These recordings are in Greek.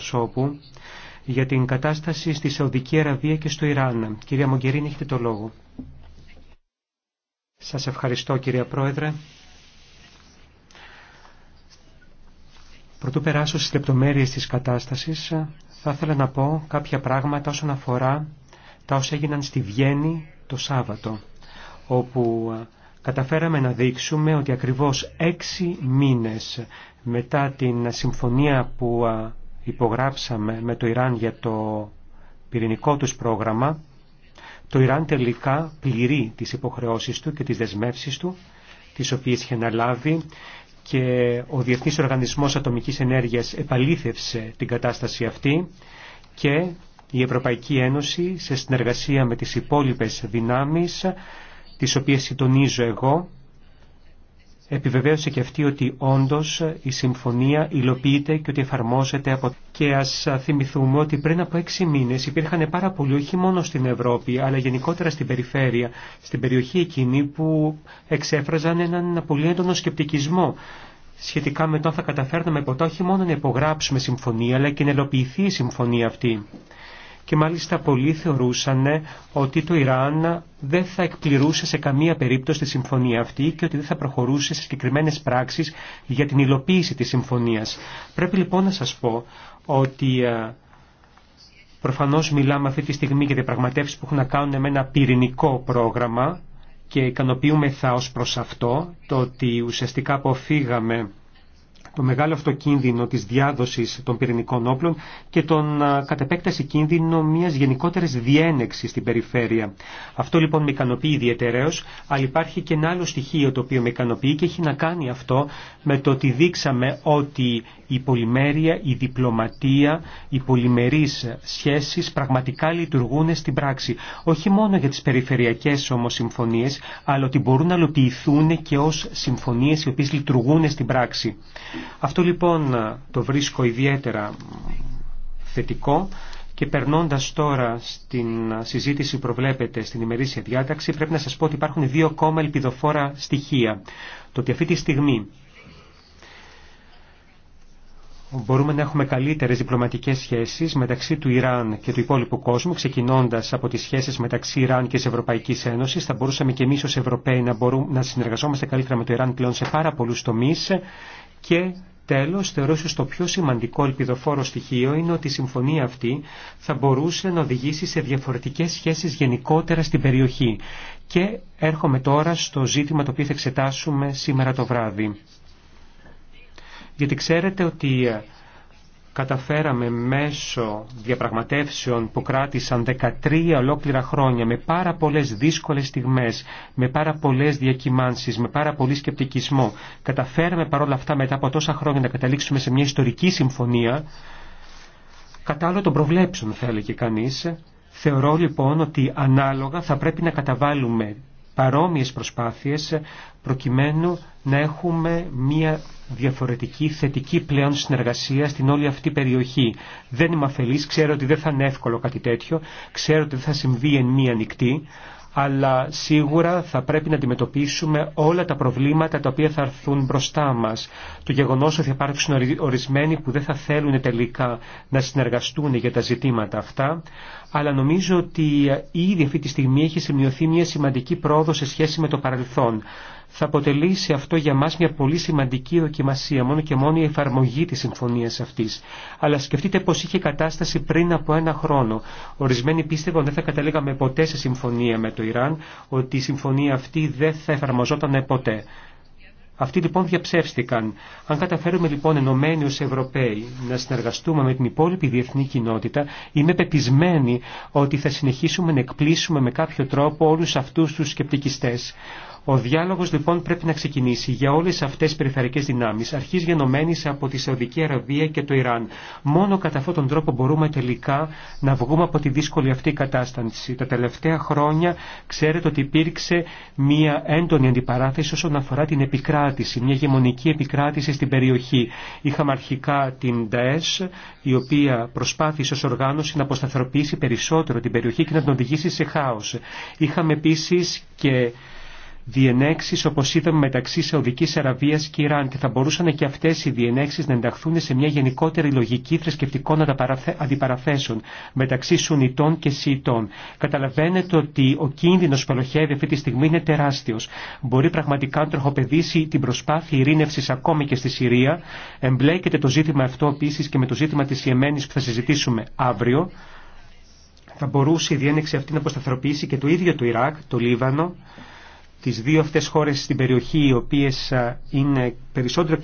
προσώπου για την κατάσταση στη Σαουδική Αραβία και στο Ιράν. Κυρία Μογκερίνη, έχετε το λόγο. Σας ευχαριστώ κυρία Πρόεδρε. Πρωτού περάσω στις λεπτομέρειες της κατάστασης, θα ήθελα να πω κάποια πράγματα όσον αφορά τα όσα έγιναν στη Βιέννη το Σάββατο, όπου καταφέραμε να δείξουμε ότι ακριβώς έξι μήνες μετά την συμφωνία που υπογράψαμε με το Ιράν για το πυρηνικό τους πρόγραμμα, το Ιράν τελικά πληρεί τις υποχρεώσεις του και τις δεσμεύσεις του, τις οποίες είχε αναλάβει και ο Διεθνής Οργανισμός Ατομικής Ενέργειας επαλήθευσε την κατάσταση αυτή και η Ευρωπαϊκή Ένωση σε συνεργασία με τις υπόλοιπες δυνάμεις, τις οποίες συντονίζω εγώ, επιβεβαίωσε και αυτή ότι όντως η συμφωνία υλοποιείται και ότι εφαρμόζεται από... Και ας θυμηθούμε ότι πριν από έξι μήνες υπήρχαν πάρα πολλοί, όχι μόνο στην Ευρώπη, αλλά γενικότερα στην περιφέρεια, στην περιοχή εκείνη που εξέφραζαν έναν πολύ έντονο σκεπτικισμό σχετικά με το αν θα καταφέρναμε ποτέ όχι μόνο να υπογράψουμε συμφωνία, αλλά και να υλοποιηθεί η συμφωνία αυτή και μάλιστα πολλοί θεωρούσαν ότι το Ιράν δεν θα εκπληρούσε σε καμία περίπτωση τη συμφωνία αυτή και ότι δεν θα προχωρούσε σε συγκεκριμένε πράξεις για την υλοποίηση της συμφωνίας. Πρέπει λοιπόν να σας πω ότι ε, προφανώς μιλάμε αυτή τη στιγμή για διαπραγματεύσει που έχουν να κάνουν με ένα πυρηνικό πρόγραμμα και ικανοποιούμεθα ως προς αυτό το ότι ουσιαστικά αποφύγαμε το μεγάλο αυτό κίνδυνο της διάδοσης των πυρηνικών όπλων και τον κατ' κίνδυνο μιας γενικότερης διένεξης στην περιφέρεια. Αυτό λοιπόν με ικανοποιεί ιδιαίτερεως, αλλά υπάρχει και ένα άλλο στοιχείο το οποίο με ικανοποιεί και έχει να κάνει αυτό με το ότι δείξαμε ότι η πολυμέρεια, η διπλωματία, οι πολυμερείς σχέσεις πραγματικά λειτουργούν στην πράξη. Όχι μόνο για τις περιφερειακές όμως συμφωνίες, αλλά ότι μπορούν να αλλοποιηθούν και ως συμφωνίες οι οποίες λειτουργούν στην πράξη. Αυτό λοιπόν το βρίσκω ιδιαίτερα θετικό και περνώντας τώρα στην συζήτηση που προβλέπεται στην ημερήσια διάταξη πρέπει να σας πω ότι υπάρχουν δύο ακόμα ελπιδοφόρα στοιχεία. Το ότι αυτή τη στιγμή μπορούμε να έχουμε καλύτερες διπλωματικές σχέσεις μεταξύ του Ιράν και του υπόλοιπου κόσμου, ξεκινώντας από τις σχέσεις μεταξύ Ιράν και της Ευρωπαϊκής Ένωσης, θα μπορούσαμε και εμείς ως Ευρωπαίοι να, μπορούμε, να συνεργαζόμαστε καλύτερα με το Ιράν πλέον σε πάρα πολλούς τομείς και Τέλος, θεωρώ ότι το πιο σημαντικό ελπιδοφόρο στοιχείο είναι ότι η συμφωνία αυτή θα μπορούσε να οδηγήσει σε διαφορετικές σχέσεις γενικότερα στην περιοχή. Και έρχομαι τώρα στο ζήτημα το οποίο θα εξετάσουμε σήμερα το βράδυ. Γιατί ξέρετε ότι ε, καταφέραμε μέσω διαπραγματεύσεων που κράτησαν 13 ολόκληρα χρόνια με πάρα πολλές δύσκολες στιγμές, με πάρα πολλές διακυμάνσεις, με πάρα πολύ σκεπτικισμό. Καταφέραμε παρόλα αυτά μετά από τόσα χρόνια να καταλήξουμε σε μια ιστορική συμφωνία, άλλο των προβλέψεων θα και κανείς. Θεωρώ λοιπόν ότι ανάλογα θα πρέπει να καταβάλουμε παρόμοιες προσπάθειες προκειμένου να έχουμε μια διαφορετική θετική πλέον συνεργασία στην όλη αυτή περιοχή. Δεν είμαι αφελής, ξέρω ότι δεν θα είναι εύκολο κάτι τέτοιο, ξέρω ότι δεν θα συμβεί εν μία νυχτή, αλλά σίγουρα θα πρέπει να αντιμετωπίσουμε όλα τα προβλήματα τα οποία θα έρθουν μπροστά μας. Το γεγονός ότι θα υπάρξουν ορισμένοι που δεν θα θέλουν τελικά να συνεργαστούν για τα ζητήματα αυτά, αλλά νομίζω ότι ε, ήδη αυτή τη στιγμή έχει σημειωθεί μια σημαντική πρόοδο σε σχέση με το παρελθόν. Θα αποτελήσει αυτό για μας μια πολύ σημαντική δοκιμασία, μόνο και μόνο η εφαρμογή της συμφωνίας αυτής. Αλλά σκεφτείτε πως είχε κατάσταση πριν από ένα χρόνο. Ορισμένοι πίστευαν δεν θα καταλήγαμε ποτέ σε συμφωνία με το Ιράν, ότι η συμφωνία αυτή δεν θα εφαρμοζόταν ποτέ. Αυτοί λοιπόν διαψεύστηκαν. Αν καταφέρουμε λοιπόν ενωμένοι ως Ευρωπαίοι να συνεργαστούμε με την υπόλοιπη διεθνή κοινότητα, είμαι πεπισμένη ότι θα συνεχίσουμε να εκπλήσουμε με κάποιο τρόπο όλους αυτούς τους σκεπτικιστές. Ο διάλογο λοιπόν πρέπει να ξεκινήσει για όλε αυτέ τι περιφερειακέ δυνάμει, αρχή γενομένη από τη Σαουδική Αραβία και το Ιράν. Μόνο κατά αυτόν τον τρόπο μπορούμε τελικά να βγούμε από τη δύσκολη αυτή κατάσταση. Τα τελευταία χρόνια ξέρετε ότι υπήρξε μια έντονη αντιπαράθεση όσον αφορά την επικράτηση, μια γεμονική επικράτηση στην περιοχή. Είχαμε αρχικά την ΝΤΑΕΣ, η οποία προσπάθησε ω οργάνωση να αποσταθεροποιήσει περισσότερο την περιοχή και να την οδηγήσει σε χάο. Είχαμε επίση και Διενέξει όπω είδαμε μεταξύ Σαουδική Αραβία και Ιράν και θα μπορούσαν και αυτέ οι διενέξει να ενταχθούν σε μια γενικότερη λογική θρησκευτικών αντιπαραθέσεων μεταξύ Σουνιτών και Σιητών. Καταλαβαίνετε ότι ο κίνδυνο που ελοχεύει αυτή τη στιγμή είναι τεράστιο. Μπορεί πραγματικά να τροχοπεδίσει την προσπάθεια ειρήνευσης ακόμη και στη Συρία. Εμπλέκεται το ζήτημα αυτό επίση και με το ζήτημα τη Ιεμένη που θα συζητήσουμε αύριο. Θα μπορούσε η διένεξη αυτή να αποσταθεροποιήσει και το ίδιο το Ιράκ, το Λίβανο, τις δύο αυτές χώρες στην περιοχή οι οποίες είναι περισσότερο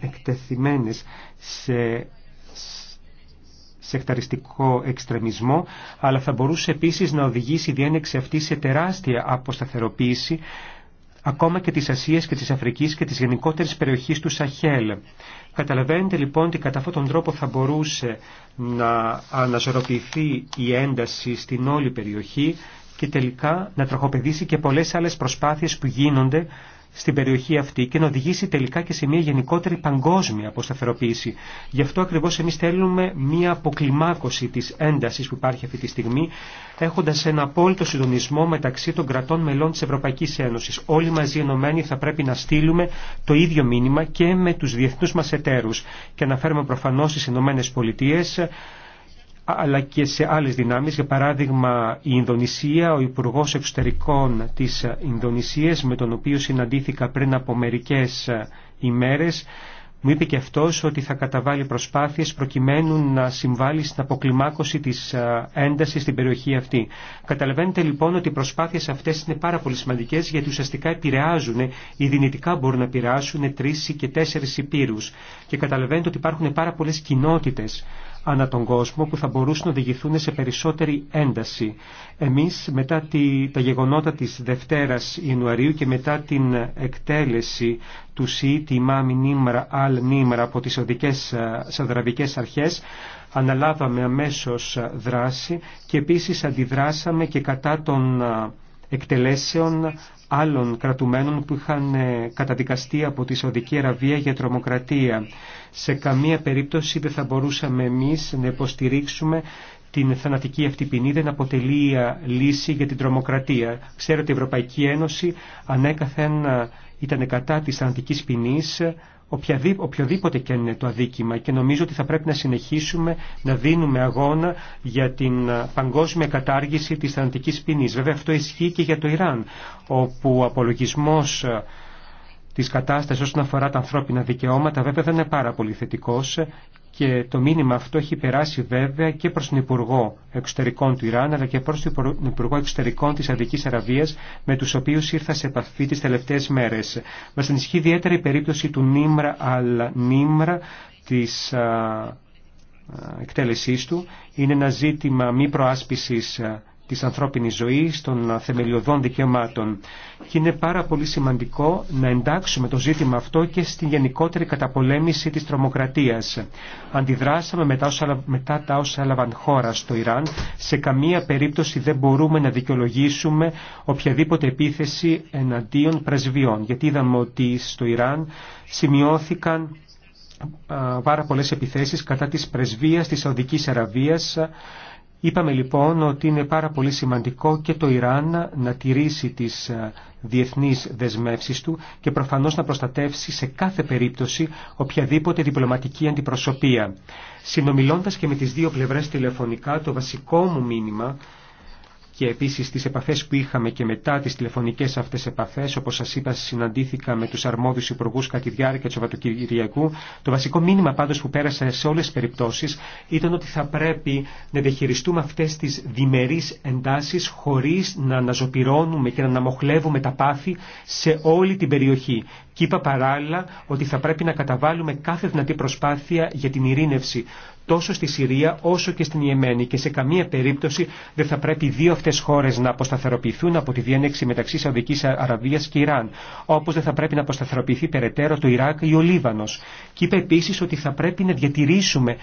εκτεθειμένες σε εκταριστικό εξτρεμισμό, αλλά θα μπορούσε επίσης να οδηγήσει η διένεξη αυτή σε τεράστια αποσταθεροποίηση ακόμα και της Ασίας και της Αφρικής και της γενικότερης περιοχής του Σαχέλ. Καταλαβαίνετε λοιπόν ότι κατά αυτόν τον τρόπο θα μπορούσε να αναζωροποιηθεί η ένταση στην όλη περιοχή και τελικά να τροχοπεδίσει και πολλές άλλες προσπάθειες που γίνονται στην περιοχή αυτή και να οδηγήσει τελικά και σε μια γενικότερη παγκόσμια αποσταθεροποίηση. Γι' αυτό ακριβώς εμείς θέλουμε μια αποκλιμάκωση της έντασης που υπάρχει αυτή τη στιγμή, έχοντας ένα απόλυτο συντονισμό μεταξύ των κρατών μελών της Ευρωπαϊκής Ένωσης. Όλοι μαζί ενωμένοι θα πρέπει να στείλουμε το ίδιο μήνυμα και με τους διεθνούς μα εταίρους. Και φέρουμε προφανώς στις ΗΠΑ αλλά και σε άλλες δυνάμεις. Για παράδειγμα η Ινδονησία, ο Υπουργός Εξωτερικών της Ινδονησίας με τον οποίο συναντήθηκα πριν από μερικές ε, ημέρες μου είπε και αυτός ότι θα καταβάλει προσπάθειες προκειμένου να συμβάλλει στην αποκλιμάκωση της ε, έντασης στην περιοχή αυτή. Καταλαβαίνετε λοιπόν ότι οι προσπάθειες αυτές είναι πάρα πολύ σημαντικές γιατί ουσιαστικά επηρεάζουν ή ε, δυνητικά μπορούν να επηρεάσουν τρεις ή και τέσσερις υπήρους. Και καταλαβαίνετε ότι υπάρχουν πάρα πολλές κοινότητες ανά τον κόσμο που θα μπορούσαν να οδηγηθούν σε περισσότερη ένταση. Εμείς μετά τη, τα γεγονότα της Δευτέρας Ιανουαρίου και μετά την εκτέλεση του ΣΥΤ Μάμι Νίμρα Αλ Νίμρα από τις οδικές σαδραβικές ε, αρχές αναλάβαμε αμέσως δράση και επίσης αντιδράσαμε και κατά των ε, εκτελέσεων άλλων κρατουμένων που είχαν ε, καταδικαστεί από τη Σαουδική Αραβία για τρομοκρατία. Σε καμία περίπτωση δεν θα μπορούσαμε εμείς να υποστηρίξουμε την θανατική αυτή ποινή δεν αποτελεί λύση για την τρομοκρατία. Ξέρω ότι η Ευρωπαϊκή Ένωση ανέκαθεν ήταν κατά της θανατικής ποινής οποιοδήποτε και είναι το αδίκημα και νομίζω ότι θα πρέπει να συνεχίσουμε να δίνουμε αγώνα για την παγκόσμια κατάργηση της θανατικής ποινής. Βέβαια αυτό ισχύει και για το Ιράν, όπου ο απολογισμός της κατάστασης όσον αφορά τα ανθρώπινα δικαιώματα βέβαια δεν είναι πάρα πολύ θετικός και το μήνυμα αυτό έχει περάσει βέβαια και προς τον Υπουργό Εξωτερικών του Ιράν αλλά και προς τον Υπουργό Εξωτερικών της Αδικής Αραβίας με τους οποίους ήρθα σε επαφή τις τελευταίες μέρες. Μας ενισχύει ιδιαίτερα η περίπτωση του Νίμρα Αλ Νίμρα της εκτέλεσής του. Είναι ένα ζήτημα μη προάσπισης της ανθρώπινης ζωής, των θεμελιωδών δικαιωμάτων. Και είναι πάρα πολύ σημαντικό να εντάξουμε το ζήτημα αυτό και στην γενικότερη καταπολέμηση της τρομοκρατίας. Αντιδράσαμε μετά, τα όσα έλαβαν χώρα στο Ιράν. Σε καμία περίπτωση δεν μπορούμε να δικαιολογήσουμε οποιαδήποτε επίθεση εναντίον πρεσβειών. Γιατί είδαμε ότι στο Ιράν σημειώθηκαν πάρα πολλές επιθέσεις κατά της πρεσβείας της Σαουδικής Αραβίας Είπαμε λοιπόν ότι είναι πάρα πολύ σημαντικό και το Ιράν να τηρήσει τις ε, διεθνείς δεσμεύσεις του και προφανώς να προστατεύσει σε κάθε περίπτωση οποιαδήποτε διπλωματική αντιπροσωπεία. Συνομιλώντας και με τις δύο πλευρές τηλεφωνικά, το βασικό μου μήνυμα και επίσης στις επαφές που είχαμε και μετά τις τηλεφωνικές αυτές επαφές, όπως σας είπα συναντήθηκα με τους αρμόδιους υπουργούς κατά τη διάρκεια του Σαββατοκυριακού, το βασικό μήνυμα πάντως που πέρασε σε όλες τις περιπτώσεις ήταν ότι θα πρέπει να διαχειριστούμε αυτές τις διμερείς εντάσεις χωρίς να αναζωπυρώνουμε και να αναμοχλεύουμε τα πάθη σε όλη την περιοχή. Και είπα παράλληλα ότι θα πρέπει να καταβάλουμε κάθε δυνατή προσπάθεια για την ειρήνευση τόσο στη Συρία όσο και στην Ιεμένη και σε καμία περίπτωση δεν θα πρέπει οι δύο αυτές χώρες να αποσταθεροποιηθούν από τη διένεξη μεταξύ Σαουδικής Αραβίας και Ιράν, όπως δεν θα πρέπει να αποσταθεροποιηθεί περαιτέρω το Ιράκ ή ο Λίβανος. Και είπε επίσης ότι θα πρέπει να διατηρήσουμε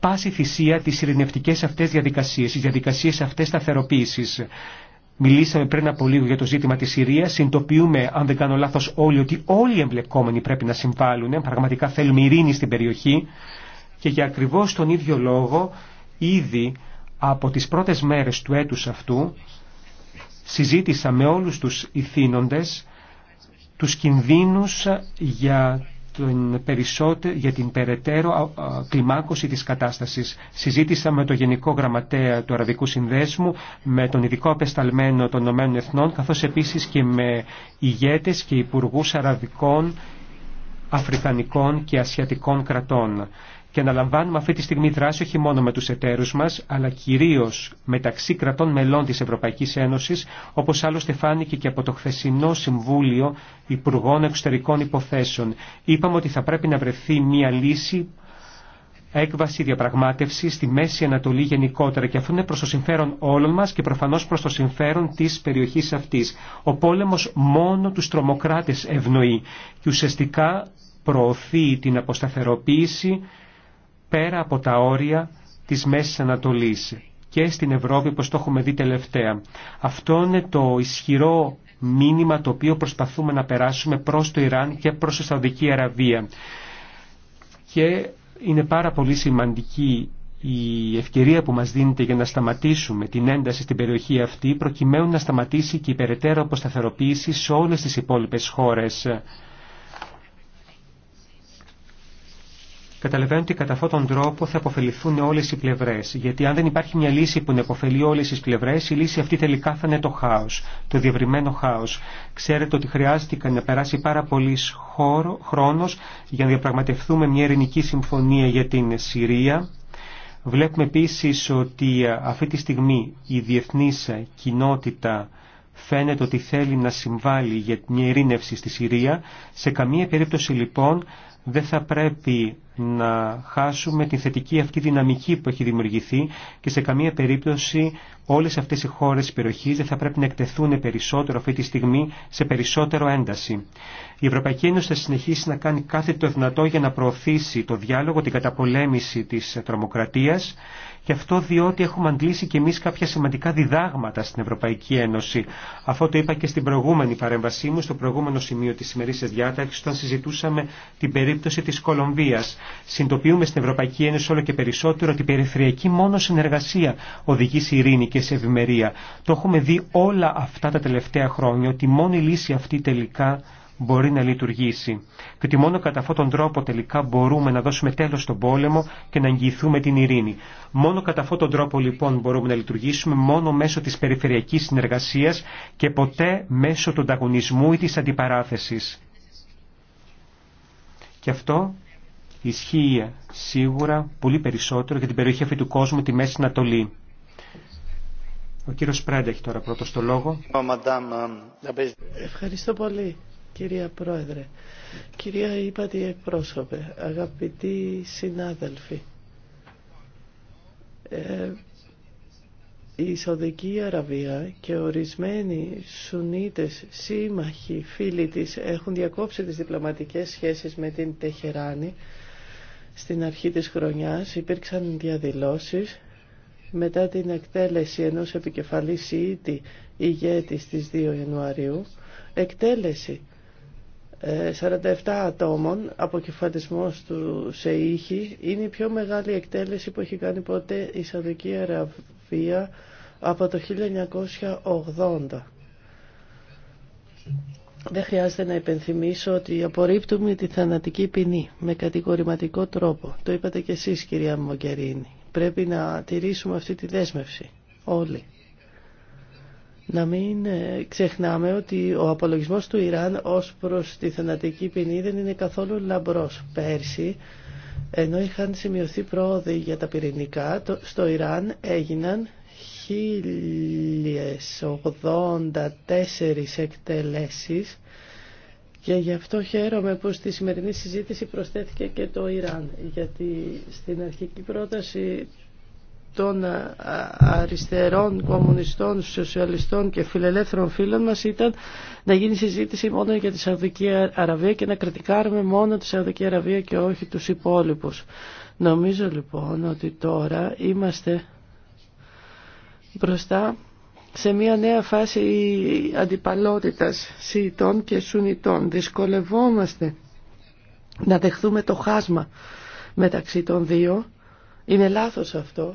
πάση θυσία τις ειρηνευτικές αυτές διαδικασίες, τις διαδικασίες αυτές σταθεροποίησης. Μιλήσαμε πριν από λίγο για το ζήτημα της Συρίας, συντοποιούμε, αν δεν κάνω λάθο όλοι, ότι όλοι οι εμπλεκόμενοι πρέπει να συμβάλλουν, πραγματικά θέλουμε ειρήνη στην περιοχή και για ακριβώς τον ίδιο λόγο ήδη από τις πρώτες μέρες του έτους αυτού συζήτησα με όλους τους ηθήνοντες τους κινδύνους για την, για την περαιτέρω κλιμάκωση της κατάστασης. Συζήτησα με το Γενικό Γραμματέα του Αραβικού Συνδέσμου, με τον ειδικό απεσταλμένο των Ηνωμένων Εθνών, καθώς επίσης και με ηγέτες και υπουργούς αραβικών, αφρικανικών και ασιατικών κρατών και αναλαμβάνουμε αυτή τη στιγμή δράση όχι μόνο με τους εταίρους μας, αλλά κυρίως μεταξύ κρατών μελών της Ευρωπαϊκής Ένωσης, όπως άλλωστε φάνηκε και από το χθεσινό Συμβούλιο Υπουργών Εξωτερικών Υποθέσεων. Είπαμε ότι θα πρέπει να βρεθεί μια λύση έκβαση διαπραγμάτευση στη Μέση Ανατολή γενικότερα και αυτό είναι προς το συμφέρον όλων μας και προφανώς προς το συμφέρον της περιοχής αυτής. Ο πόλεμος μόνο τους τρομοκράτες ευνοεί και ουσιαστικά προωθεί την αποσταθεροποίηση πέρα από τα όρια της Μέσης Ανατολής και στην Ευρώπη όπως το έχουμε δει τελευταία. Αυτό είναι το ισχυρό μήνυμα το οποίο προσπαθούμε να περάσουμε προς το Ιράν και προς τη Σαουδική Αραβία. Και είναι πάρα πολύ σημαντική η ευκαιρία που μας δίνεται για να σταματήσουμε την ένταση στην περιοχή αυτή προκειμένου να σταματήσει και η περαιτέρω αποσταθεροποίηση σε όλες τις υπόλοιπες χώρες. καταλαβαίνω ότι κατά αυτόν τον τρόπο θα αποφεληθούν όλε οι πλευρέ. Γιατί αν δεν υπάρχει μια λύση που να αποφελεί όλε τι πλευρέ, η λύση αυτή τελικά θα είναι το χάο, το διευρυμένο χάο. Ξέρετε ότι χρειάστηκαν να περάσει πάρα πολύ χρόνο για να διαπραγματευτούμε μια ειρηνική συμφωνία για την Συρία. Βλέπουμε επίση ότι ε, αυτή τη στιγμή η διεθνή κοινότητα φαίνεται ότι θέλει να συμβάλλει για μια ειρήνευση στη Συρία. Σε καμία περίπτωση λοιπόν δεν θα πρέπει να χάσουμε την θετική αυτή δυναμική που έχει δημιουργηθεί και σε καμία περίπτωση όλες αυτές οι χώρες της περιοχής δεν θα πρέπει να εκτεθούν περισσότερο αυτή τη στιγμή σε περισσότερο ένταση. Η Ευρωπαϊκή Ένωση θα συνεχίσει να κάνει κάθε το δυνατό για να προωθήσει το διάλογο, την καταπολέμηση της τρομοκρατίας Γι' αυτό διότι έχουμε αντλήσει και εμείς κάποια σημαντικά διδάγματα στην Ευρωπαϊκή Ένωση. Αυτό το είπα και στην προηγούμενη παρέμβασή μου, στο προηγούμενο σημείο της σημερινής διάταξης, όταν συζητούσαμε την περίπτωση της Κολομβίας. Συντοποιούμε στην Ευρωπαϊκή Ένωση όλο και περισσότερο ότι η περιφερειακή μόνο συνεργασία οδηγεί σε ειρήνη και σε ευημερία. Το έχουμε δει όλα αυτά τα τελευταία χρόνια, ότι μόνη η λύση αυτή τελικά μπορεί να λειτουργήσει και ότι μόνο κατά αυτόν τον τρόπο τελικά μπορούμε να δώσουμε τέλος στον πόλεμο και να εγγυηθούμε την ειρήνη. Μόνο κατά αυτόν τον τρόπο λοιπόν μπορούμε να λειτουργήσουμε μόνο μέσω της περιφερειακής συνεργασίας και ποτέ μέσω του ανταγωνισμού ή της αντιπαράθεσης. Και αυτό ισχύει σίγουρα πολύ περισσότερο για την περιοχή αυτή του κόσμου, τη Μέση Ανατολή. Ο κύριος Πρέντα έχει τώρα πρώτος το λόγο. Ευχαριστώ πολύ. Κυρία Πρόεδρε, κυρία Ήπατη εκπρόσωπε, αγαπητοί συνάδελφοι, ε, η Σαουδική Αραβία και ορισμένοι Σουνίτες σύμμαχοι φίλοι της έχουν διακόψει τις διπλωματικές σχέσεις με την Τεχεράνη στην αρχή της χρονιάς. Υπήρξαν διαδηλώσεις μετά την εκτέλεση ενός επικεφαλής Σιήτη ηγέτης της 2 Ιανουαρίου. Εκτέλεση 47 ατόμων κεφατισμό του σε είναι η πιο μεγάλη εκτέλεση που έχει κάνει ποτέ η Σαουδική Αραβία από το 1980. Δεν χρειάζεται να υπενθυμίσω ότι απορρίπτουμε τη θανατική ποινή με κατηγορηματικό τρόπο. Το είπατε και εσείς κυρία Μογκερίνη. Πρέπει να τηρήσουμε αυτή τη δέσμευση όλοι. Να μην ε, ξεχνάμε ότι ο απολογισμός του Ιράν ως προς τη θενατική ποινή δεν είναι καθόλου λαμπρός. Πέρσι, ενώ είχαν σημειωθεί πρόοδοι για τα πυρηνικά, στο Ιράν έγιναν 1084 εκτελέσεις και γι' αυτό χαίρομαι που στη σημερινή συζήτηση προσθέθηκε και το Ιράν, γιατί στην αρχική πρόταση των ε, αριστερών, κομμουνιστών, σοσιαλιστών και φιλελεύθερων φίλων μας ήταν να γίνει συζήτηση μόνο για τη Σαουδική Αραβία και να κριτικάρουμε μόνο τη Σαουδική Αραβία και όχι τους υπόλοιπους. Νομίζω λοιπόν ότι τώρα είμαστε μπροστά σε μια νέα φάση αντιπαλότητας Σιητών και Σουνιτών. Δυσκολευόμαστε να δεχθούμε το χάσμα μεταξύ των δύο. Είναι λάθος αυτό.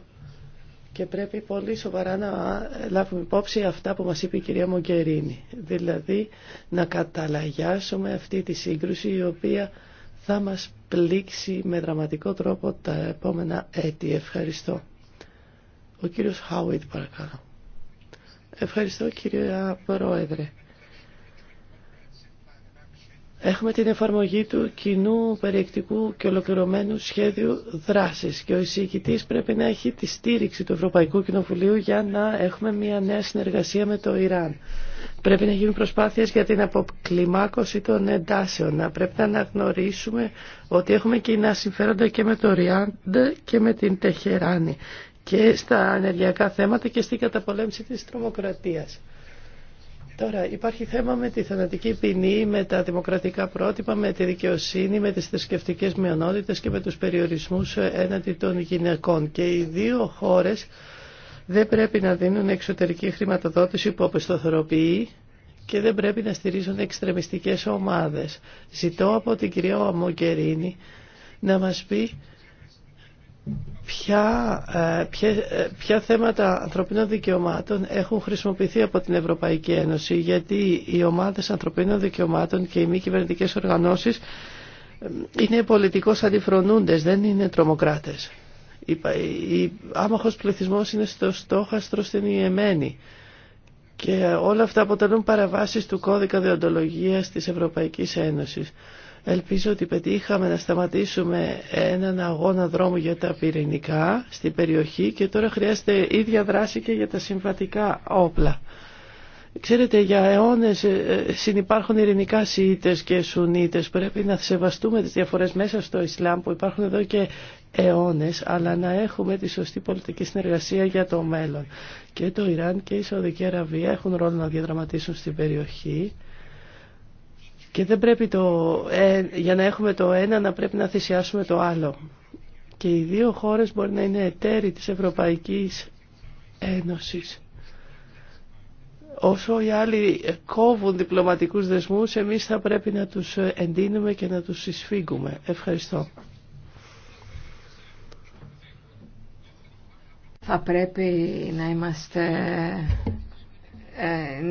Και πρέπει πολύ σοβαρά να λάβουμε υπόψη αυτά που μας είπε η κυρία Μογκερίνη. Δηλαδή να καταλαγιάσουμε αυτή τη σύγκρουση η οποία θα μας πλήξει με δραματικό τρόπο τα επόμενα έτη. Ευχαριστώ. Ο κύριος Χάουιτ παρακαλώ. Ευχαριστώ κύριε Πρόεδρε. Έχουμε την εφαρμογή του κοινού περιεκτικού και ολοκληρωμένου σχέδιου δράσης και ο εισηγητή πρέπει να έχει τη στήριξη του Ευρωπαϊκού Κοινοβουλίου για να έχουμε μια νέα συνεργασία με το Ιράν. Πρέπει να γίνουν προσπάθειες για την αποκλιμάκωση των εντάσεων. Πρέπει να αναγνωρίσουμε ότι έχουμε κοινά συμφέροντα και με το Ριάντ και με την Τεχεράνη και στα ενεργειακά θέματα και στην καταπολέμηση της τρομοκρατίας. Τώρα υπάρχει θέμα με τη θανατική ποινή, με τα δημοκρατικά πρότυπα, με τη δικαιοσύνη, με τις θρησκευτικέ μειονότητες και με τους περιορισμούς έναντι των γυναικών. Και οι δύο χώρες δεν πρέπει να δίνουν εξωτερική χρηματοδότηση που αποστοθεροποιεί και δεν πρέπει να στηρίζουν εξτρεμιστικές ομάδες. Ζητώ από την κυρία Μογκερίνη να μας πει ε, ε, ποια, θέματα ανθρωπίνων δικαιωμάτων έχουν χρησιμοποιηθεί από την Ευρωπαϊκή Ένωση γιατί οι ομάδες ανθρωπίνων δικαιωμάτων και οι μη κυβερνητικέ οργανώσεις ε, είναι πολιτικώς αντιφρονούντες, δεν είναι τρομοκράτες. Ο άμαχος πληθυσμός είναι στο στόχαστρο στην Ιεμένη και όλα αυτά αποτελούν παραβάσεις του κώδικα διοντολογίας της Ευρωπαϊκής Ένωσης. Ελπίζω ότι πετύχαμε να σταματήσουμε έναν αγώνα δρόμου για τα πυρηνικά στην περιοχή και τώρα χρειάζεται ίδια δράση και για τα συμβατικά όπλα. Ξέρετε, για αιώνες ε, συνυπάρχουν ειρηνικά Σιήτες και Σουνίτες. Πρέπει να σεβαστούμε τις διαφορές μέσα στο Ισλάμ που υπάρχουν εδώ και αιώνες, αλλά να έχουμε τη σωστή πολιτική συνεργασία για το μέλλον. Και το Ιράν και η Σαουδική Αραβία έχουν ρόλο να διαδραματίσουν στην περιοχή. Και δεν πρέπει το, για να έχουμε το ένα να πρέπει να θυσιάσουμε το άλλο. Και οι δύο χώρες μπορεί να είναι εταίροι της Ευρωπαϊκής Ένωσης. Όσο οι άλλοι κόβουν διπλωματικούς δεσμούς, εμείς θα πρέπει να τους εντείνουμε και να τους συσφίγγουμε. Ευχαριστώ. Θα πρέπει να είμαστε ε,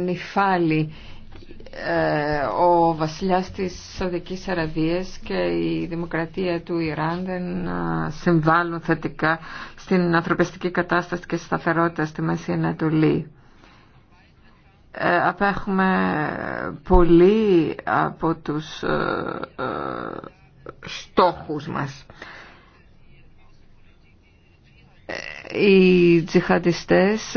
ε, ο βασιλιάς της Σαουδικής Αραβίας και η δημοκρατία του Ιράν δεν ε, συμβάλλουν θετικά στην ανθρωπιστική κατάσταση και σταθερότητα στη Μέση Ανατολή. Ε, απέχουμε πολύ από τους στόχους μας. Οι τζιχαντιστές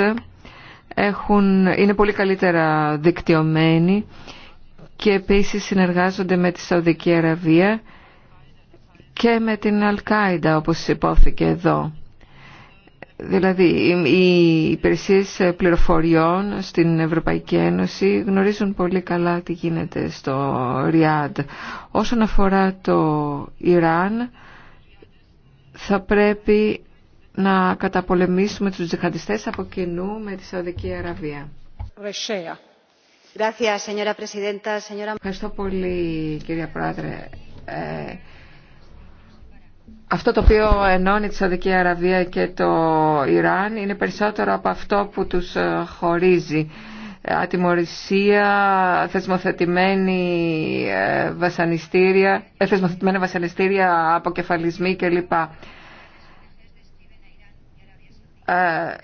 έχουν, είναι πολύ καλύτερα δικτυωμένοι και επίσης συνεργάζονται με τη Σαουδική Αραβία και με την Αλκάιντα όπως υπόθηκε εδώ. Δηλαδή οι υπηρεσίες πληροφοριών στην Ευρωπαϊκή Ένωση γνωρίζουν πολύ καλά τι γίνεται στο Ριάντ. Όσον αφορά το Ιράν θα πρέπει να καταπολεμήσουμε τους τζιχαντιστές από κοινού με τη Σαουδική Αραβία. Ευχαριστώ πολύ κυρία Πρόεδρε. Ε, αυτό το οποίο ενώνει τη Σαουδική Αραβία και το Ιράν είναι περισσότερο από αυτό που τους ε, χωρίζει. Ατιμορρησία, θεσμοθετημένη ε, βασανιστήρια, θεσμοθετημένα βασανιστήρια, αποκεφαλισμοί κλπ. Ε,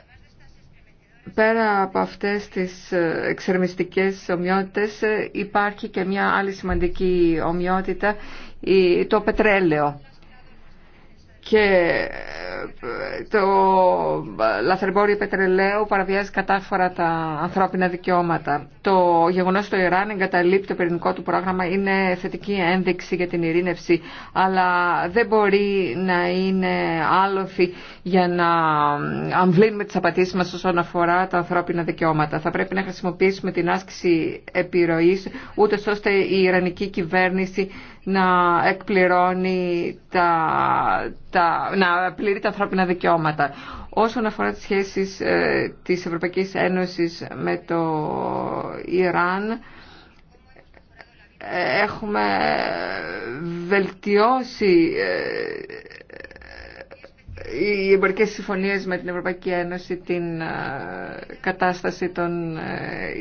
πέρα από αυτές τις ε, εξερμιστικές ομοιότητες ε, υπάρχει και μια άλλη σημαντική ομοιότητα, το πετρέλαιο και ε, το λαθρεμπόριο πετρελαίου παραβιάζει κατάφορα τα ανθρώπινα δικαιώματα. Το γεγονός ότι το Ιράν εγκαταλείπει το πυρηνικό του πρόγραμμα είναι θετική ένδειξη για την ειρήνευση, αλλά δεν μπορεί να είναι άλοθη για να αμβλύνουμε τις απατήσεις μας όσον αφορά τα ανθρώπινα δικαιώματα. Θα πρέπει να χρησιμοποιήσουμε την άσκηση επιρροής, ούτε ώστε η Ιρανική κυβέρνηση να εκπληρώνει τα, να πληρεί τα ανθρώπινα δικαιώματα. Όσον αφορά τις σχέσεις ε, της Ευρωπαϊκής Ένωσης με το Ιράν, ε, έχουμε βελτιώσει ε, οι εμπορικέ συμφωνίε με την Ευρωπαϊκή Ένωση, την κατάσταση των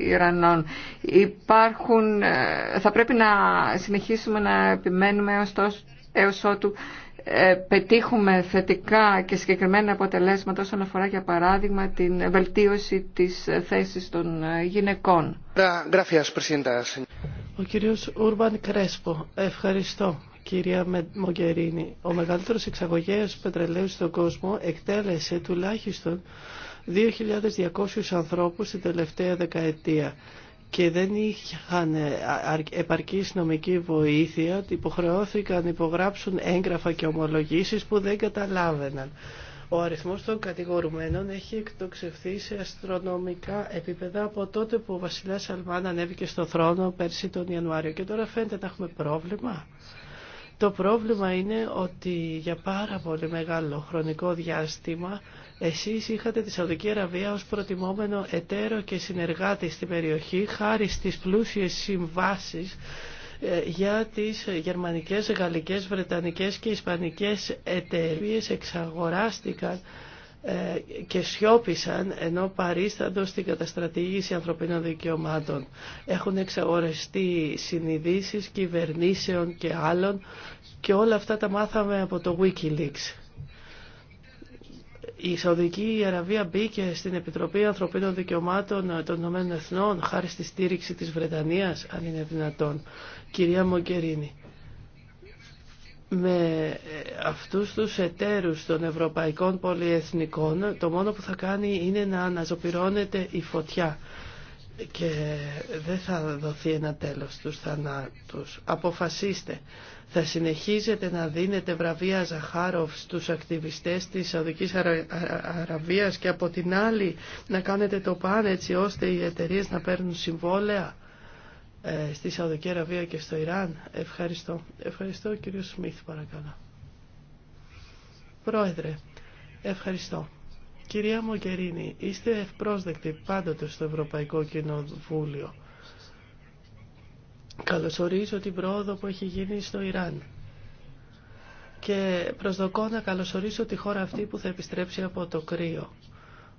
Ιρανών. Υπάρχουν, θα πρέπει να συνεχίσουμε να επιμένουμε έως, έως ότου ε, πετύχουμε θετικά και συγκεκριμένα αποτελέσματα όσον αφορά για παράδειγμα την βελτίωση της θέσης των ε, γυναικών. Ο κύριος Ούρμπαν Κρέσπο, ευχαριστώ κυρία Μογκερίνη. Ο μεγαλύτερος εξαγωγέας πετρελαίου στον κόσμο εκτέλεσε τουλάχιστον 2.200 ανθρώπους την τελευταία δεκαετία και δεν είχαν επαρκή νομική βοήθεια, υποχρεώθηκαν να υπογράψουν έγγραφα και ομολογήσεις που δεν καταλάβαιναν. Ο αριθμός των κατηγορουμένων έχει εκτοξευθεί σε αστρονομικά επίπεδα από τότε που ο βασιλιάς Σαλμάν ανέβηκε στο θρόνο πέρσι τον Ιανουάριο. Και τώρα φαίνεται να έχουμε πρόβλημα. Το πρόβλημα είναι ότι για πάρα πολύ μεγάλο χρονικό διάστημα εσείς είχατε τη Σαουδική Αραβία ως προτιμόμενο εταίρο και συνεργάτη στην περιοχή χάρη στις πλούσιες συμβάσεις ε, για τις γερμανικές, γαλλικές, βρετανικές και ισπανικές εταιρείες εξαγοράστηκαν ε, και σιώπησαν ενώ παρίσταντο στην καταστρατήγηση ανθρωπίνων δικαιωμάτων. Έχουν εξαγορεστεί συνειδήσεις κυβερνήσεων και άλλων και όλα αυτά τα μάθαμε από το Wikileaks. Η Σαουδική Αραβία μπήκε στην Επιτροπή Ανθρωπίνων Δικαιωμάτων των Ηνωμένων Εθνών χάρη στη στήριξη της Βρετανίας, αν είναι δυνατόν. Κυρία Μογκερίνη, με αυτούς τους εταίρους των ευρωπαϊκών πολυεθνικών το μόνο που θα κάνει είναι να αναζωπυρώνεται η φωτιά και δεν θα δοθεί ένα τέλος στους θανάτους. Αποφασίστε. Θα συνεχίζετε να δίνετε βραβεία Ζαχάροφ στους ακτιβιστές της Σαουδικής Αραβίας και από την άλλη να κάνετε το πάνε έτσι ώστε οι εταιρείε να παίρνουν συμβόλαια. Ε, στη Σαουδική Αραβία και στο Ιράν. Ευχαριστώ. Ευχαριστώ κύριο Σμίθ παρακαλώ. Πρόεδρε, ευχαριστώ. Κυρία Μογκερίνη, είστε ευπρόσδεκτοι πάντοτε στο Ευρωπαϊκό Κοινοβούλιο. Καλωσορίζω την πρόοδο που έχει γίνει στο Ιράν και προσδοκώ να καλωσορίσω τη χώρα αυτή που θα επιστρέψει από το κρύο.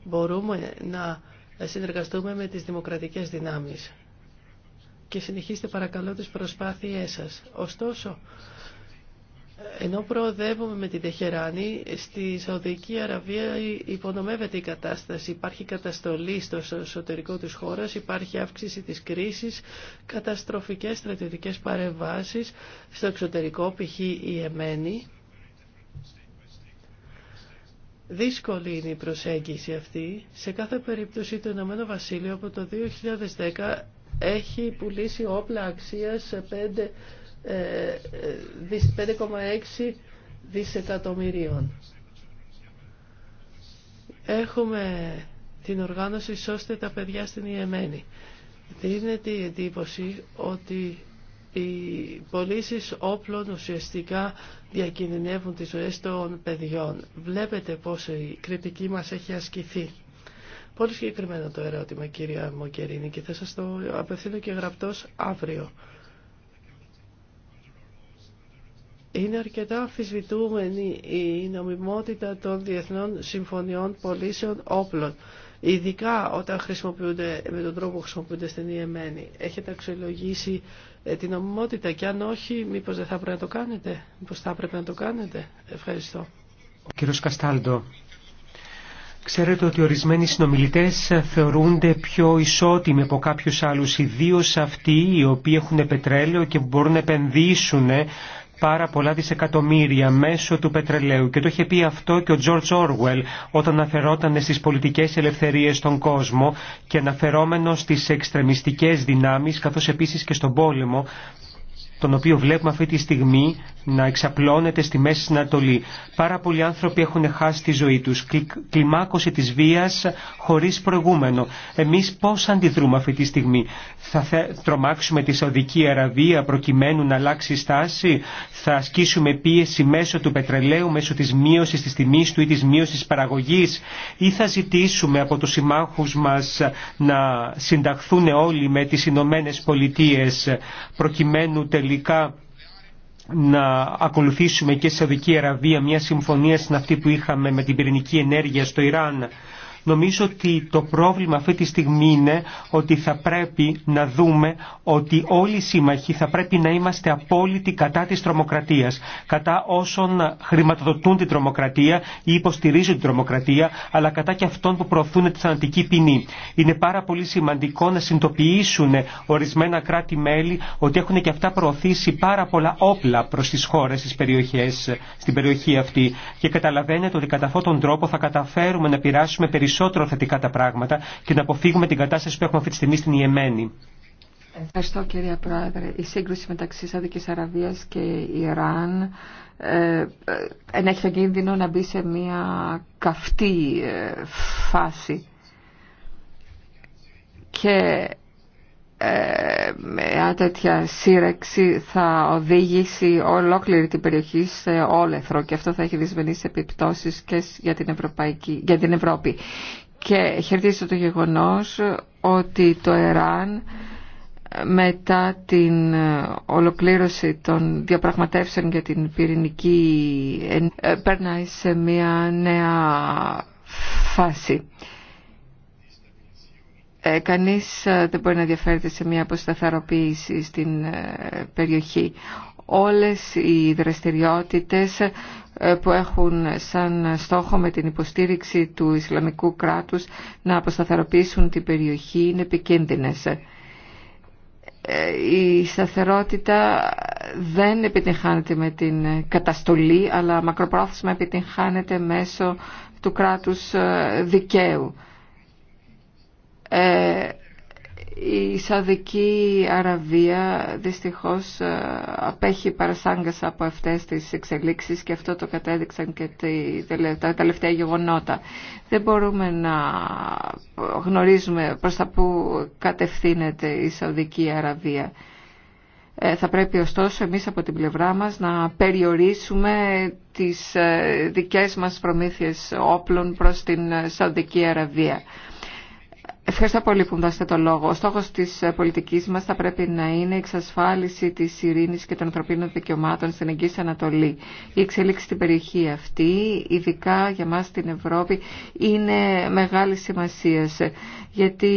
Μπορούμε να συνεργαστούμε με τις δημοκρατικές δυνάμεις και συνεχίστε παρακαλώ τις προσπάθειές σας. Ωστόσο, ενώ προοδεύουμε με την Τεχεράνη, στη Σαουδική Αραβία υπονομεύεται η κατάσταση. Υπάρχει καταστολή στο εσωτερικό της χώρας, υπάρχει αύξηση της κρίσης, καταστροφικές στρατιωτικές παρεμβάσεις στο εξωτερικό, π.χ. η Εμένη. Δύσκολη είναι η προσέγγιση αυτή. Σε κάθε περίπτωση το Ηνωμένο Βασίλειο από το 2010 έχει πουλήσει όπλα αξίας 5,6 ε, ε, δισεκατομμυρίων. Έχουμε την οργάνωση «Σώστε τα παιδιά στην Ιεμένη». Δίνεται η εντύπωση ότι οι πωλήσει όπλων ουσιαστικά διακινδυνεύουν τις ζωές των παιδιών. Βλέπετε πόσο η κριτική μας έχει ασκηθεί. Πολύ συγκεκριμένο το ερώτημα, κυρία Μοκερίνη, και θα σας το απευθύνω και γραπτός αύριο. Είναι αρκετά αμφισβητούμενη η νομιμότητα των διεθνών συμφωνιών πωλήσεων όπλων. Ειδικά όταν χρησιμοποιούνται με τον τρόπο που χρησιμοποιούνται στην Ιεμένη. Έχετε αξιολογήσει ε, την νομιμότητα και αν όχι, μήπως δεν θα πρέπει να το κάνετε. Μήπως θα πρέπει να το κάνετε. Ευχαριστώ. Κύριος Καστάλντο, Ξέρετε ότι ορισμένοι συνομιλητές θεωρούνται πιο ισότιμοι από κάποιους άλλους, ιδίω αυτοί οι οποίοι έχουν πετρέλαιο και μπορούν να επενδύσουν πάρα πολλά δισεκατομμύρια μέσω του πετρελαίου και το είχε πει αυτό και ο Τζορτζ Όρουελ όταν αναφερόταν στις πολιτικές ελευθερίες στον κόσμο και αναφερόμενο στις εξτρεμιστικές δυνάμεις καθώς επίσης και στον πόλεμο τον οποίο βλέπουμε αυτή τη στιγμή να εξαπλώνεται στη Μέση Ανατολή. Πάρα πολλοί άνθρωποι έχουν χάσει τη ζωή τους. Κλιμάκωση της βίας χωρίς προηγούμενο. Εμείς πώς αντιδρούμε αυτή τη στιγμή. Θα τρομάξουμε τη Σαουδική Αραβία προκειμένου να αλλάξει στάση. Θα ασκήσουμε πίεση μέσω του πετρελαίου, μέσω της μείωσης της τιμής του ή της μείωσης της παραγωγής. Ή θα ζητήσουμε από τους συμμάχους μας να συνταχθούν όλοι με τις Ηνωμένε Πολιτείες προκειμένου τελικά να ακολουθήσουμε και σε Σαουδική Αραβία μια συμφωνία στην αυτή που είχαμε με την πυρηνική ενέργεια στο Ιράν Νομίζω ότι το πρόβλημα αυτή τη στιγμή είναι ότι θα πρέπει να δούμε ότι όλοι οι σύμμαχοι θα πρέπει να είμαστε απόλυτοι κατά της τρομοκρατίας, κατά όσων χρηματοδοτούν την τρομοκρατία ή υποστηρίζουν την τρομοκρατία, αλλά κατά και αυτών που προωθούν τη θανατική ποινή. Είναι πάρα πολύ σημαντικό να συνειδητοποιήσουν ορισμένα κράτη-μέλη ότι έχουν και αυτά προωθήσει πάρα πολλά όπλα προς τις χώρες, τις περιοχές, στην περιοχή αυτή. Και καταλαβαίνετε ότι κατά αυτόν τον τρόπο θα καταφέρουμε να πειράσουμε περισσότερο περισσότερο θετικά τα πράγματα και να αποφύγουμε την κατάσταση που έχουμε αυτή τη στιγμή στην Ιεμένη. Ευχαριστώ κύριε Πρόεδρε. Η σύγκρουση μεταξύ Σαδικής Αραβίας και Ιράν ε, ε, ενέχει τον κίνδυνο να μπει σε μια καυτή ε, φάση. Και ε, μια τέτοια σύρεξη θα οδήγησει ολόκληρη την περιοχή σε όλεθρο και αυτό θα έχει δυσμενείς επιπτώσεις και για την, Ευρωπαϊκή, για την Ευρώπη. Και χαιρετίζω το γεγονός ότι το Εράν μετά την ε, ολοκλήρωση των διαπραγματεύσεων για την πυρηνική ε, περνάει σε μια νέα φάση. Ε, κανείς ε, δεν μπορεί να ενδιαφέρεται σε μια αποσταθεροποίηση στην ε, περιοχή. Όλες οι δραστηριότητες που έχουν σαν στόχο με την υποστήριξη του Ισλαμικού κράτους να αποσταθεροποιήσουν την περιοχή είναι επικίνδυνες. Η σταθερότητα δεν επιτυγχάνεται με την καταστολή αλλά μακροπρόθεσμα επιτυγχάνεται μέσω του κράτους δικαίου. Ε, η Σαουδική Αραβία δυστυχώς ε, απέχει παρασάγκασα από αυτές τις εξελίξεις και αυτό το κατέδειξαν και τα τελευταία γεγονότα. Δεν μπορούμε να γνωρίζουμε προς τα που κατευθύνεται η Σαουδική Αραβία. Ε, θα πρέπει ωστόσο εμείς από την πλευρά μας να περιορίσουμε τις δικές μας προμήθειες όπλων προς την Σαουδική Αραβία. Ευχαριστώ πολύ που μου δώσετε το λόγο. Ο στόχο τη πολιτική μα θα πρέπει να είναι η εξασφάλιση τη ειρήνη και των ανθρωπίνων δικαιωμάτων στην Εγγύη Ανατολή. Η εξέλιξη στην περιοχή αυτή, ειδικά για μα στην Ευρώπη, είναι μεγάλη σημασία γιατί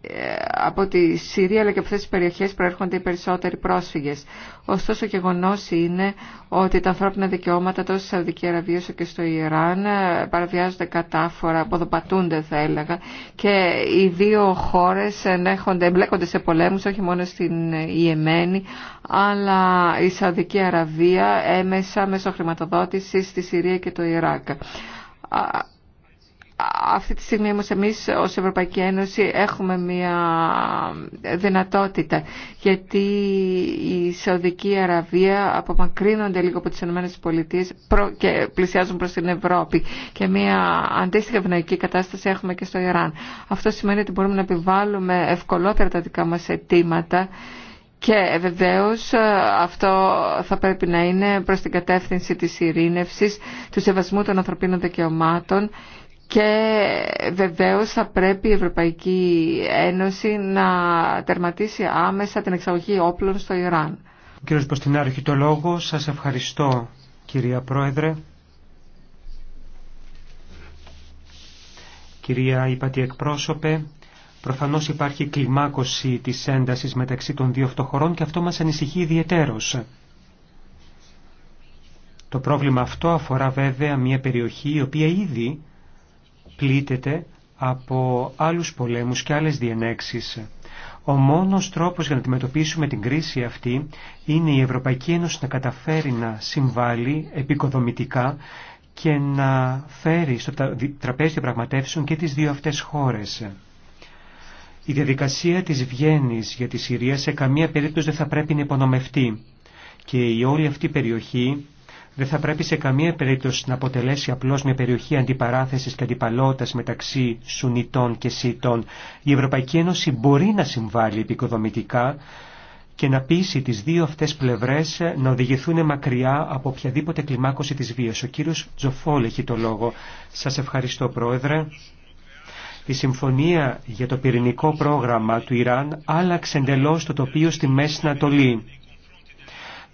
ε, από τη Συρία αλλά και από αυτές τις περιοχές προέρχονται οι περισσότεροι πρόσφυγες. Ωστόσο γεγονό είναι ότι τα ανθρώπινα δικαιώματα τόσο στη Σαουδική Αραβία όσο και στο Ιράν ε, παραβιάζονται κατάφορα, ποδοπατούνται θα έλεγα και οι δύο χώρες εμπλέκονται σε πολέμους όχι μόνο στην Ιεμένη αλλά η Σαουδική Αραβία έμεσα μέσω χρηματοδότησης στη Συρία και το Ιράκ αυτή τη στιγμή όμως εμείς ως Ευρωπαϊκή Ένωση έχουμε μια δυνατότητα γιατί η Σαουδική Αραβία απομακρύνονται λίγο από τις Ηνωμένες Πολιτείες και πλησιάζουν προς την Ευρώπη και μια αντίστοιχη ευνοϊκή κατάσταση έχουμε και στο Ιράν. Αυτό σημαίνει ότι μπορούμε να επιβάλλουμε ευκολότερα τα δικά μας αιτήματα και ε, βεβαίω ε, αυτό θα πρέπει να είναι προς την κατεύθυνση της ειρήνευσης, του σεβασμού των ανθρωπίνων δικαιωμάτων και βεβαίως θα πρέπει η Ευρωπαϊκή Ένωση να τερματίσει άμεσα την εξαγωγή όπλων στο Ιράν. Κύριος Ποστινάρχη το λόγο. Σας ευχαριστώ κυρία Πρόεδρε. Κυρία Υπατή Εκπρόσωπε, προφανώς υπάρχει κλιμάκωση της έντασης μεταξύ των δύο φτωχωρών και αυτό μας ανησυχεί ιδιαιτέρως. Το πρόβλημα αυτό αφορά βέβαια μια περιοχή η οποία ήδη πλήττεται από άλλους πολέμους και άλλες διενέξεις. Ο μόνος τρόπος για να αντιμετωπίσουμε την κρίση αυτή είναι η Ευρωπαϊκή Ένωση να καταφέρει να συμβάλλει επικοδομητικά και να φέρει στο τραπέζι των πραγματεύσεων και τις δύο αυτές χώρες. Η διαδικασία της Βιέννης για τη Συρία σε καμία περίπτωση δεν θα πρέπει να υπονομευτεί και η όλη αυτή περιοχή δεν θα πρέπει σε καμία περίπτωση να αποτελέσει απλώ μια περιοχή αντιπαράθεση και αντιπαλότητα μεταξύ Σουνιτών και Σίτων. Η Ευρωπαϊκή Ένωση μπορεί να συμβάλλει επικοδομητικά και να πείσει τις δύο αυτές πλευρές να οδηγηθούν μακριά από οποιαδήποτε κλιμάκωση της βίας. Ο κύριος Τζοφόλ έχει το λόγο. Σας ευχαριστώ πρόεδρε. Η συμφωνία για το πυρηνικό πρόγραμμα του Ιράν άλλαξε εντελώ το τοπίο στη Μέση Ανατολή.